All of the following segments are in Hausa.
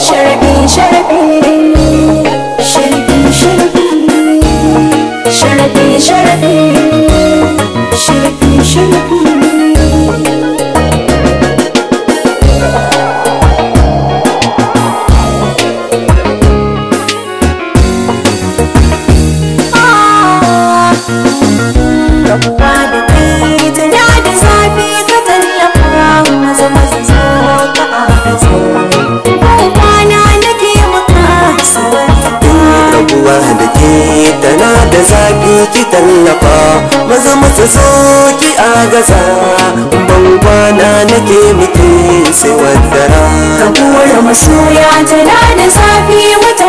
Sherry Sharabi tallafa maza masu soki a gaza ban kwana nake miki sai wadda ra ta masoya ta da zafi wata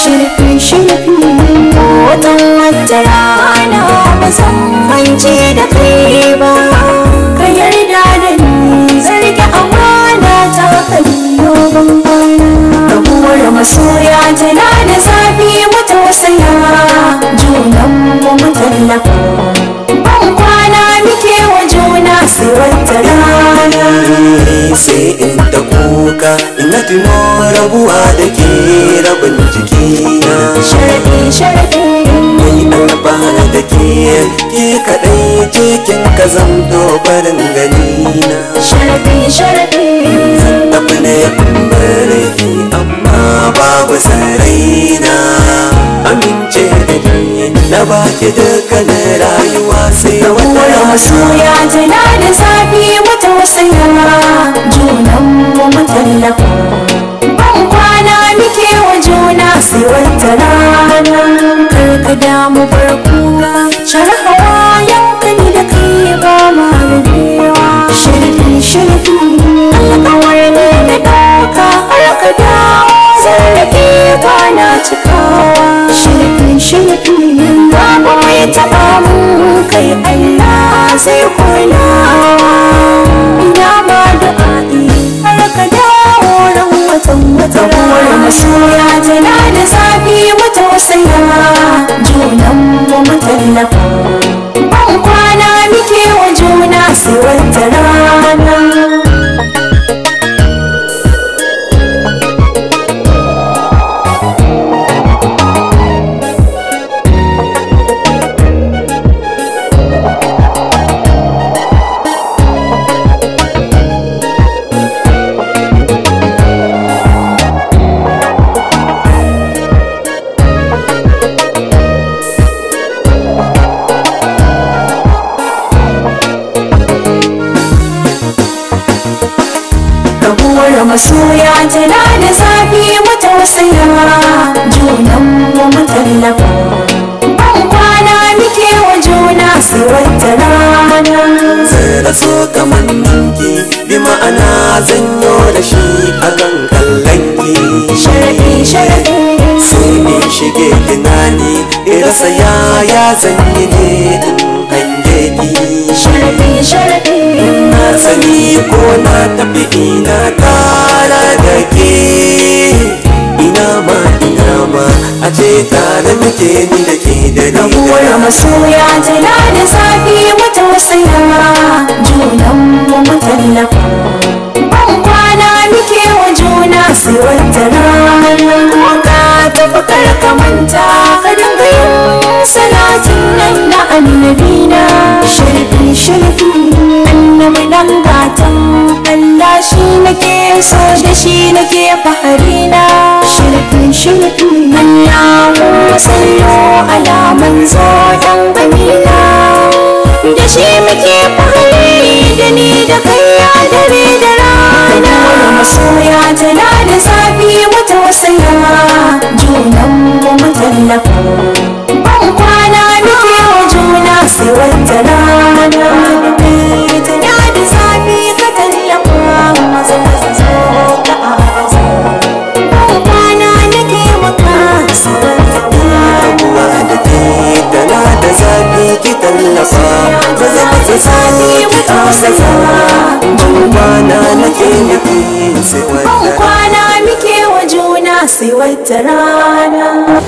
shirfi shirfi hoton wata rana ba da kai ba ka yarda da ni zarge amana ta kallo ban kwana rabuwar masoya tana da zafi mu tausaya junan mu mu tallafa ban kwana muke wa juna sai wata rana eh, sai in ta kuka na rabuwa da ke rabin jiki na sharafi sharafi mai annaba da ke ke kaɗai ce kin ka zanto barin gani na sharafi sharafi zan tafi ne bare amma babu sarai na amince da ni na ba ke dukkanin rayuwa sai wata ya tana da zafi wata wasu yawa junan mu mutallafa wata rana karka damu barkuwa sharhawa yau kani da kai ba ma rabewa shirkin shirkin alƙawar ne da ɗauka har ka dawo zan rage kwana cikawa shirkin shirkin babu mai taɓa mu kai Allah zai kulawa ina ba da har ka dawo ran watan wata rana mura masoya tana da zafi mata wasaya junan mu mutallafa ban kwana muke wa juna sai wata rana sai na so kamar bi ma'ana zanyo da shi a kan kallonki sharadi sharadi sai ne shige tunani irasa ya ya zanyi ne hange ki sani ko na tafi ina tara da ke ina ma ina ma a ce tare muke ni da ke da ni rabuwar masoya jira da safi wata yawa junan mu mutalla ban kwana muke wa juna sai wata rana ka tafi kar ka manta dinga yin salatin nan na annabi na shirfi shirfi nake so da shi nake fahari na shirfin shirfin manya musallo ala manzo dan amina da shi muke fahari da ni da kai ya dare da rana masoya tana da zafi mata wasaya junan mu mutallafa sani matasa ban kwana nake nufin sai wata kwana muke wa juna sai wata rana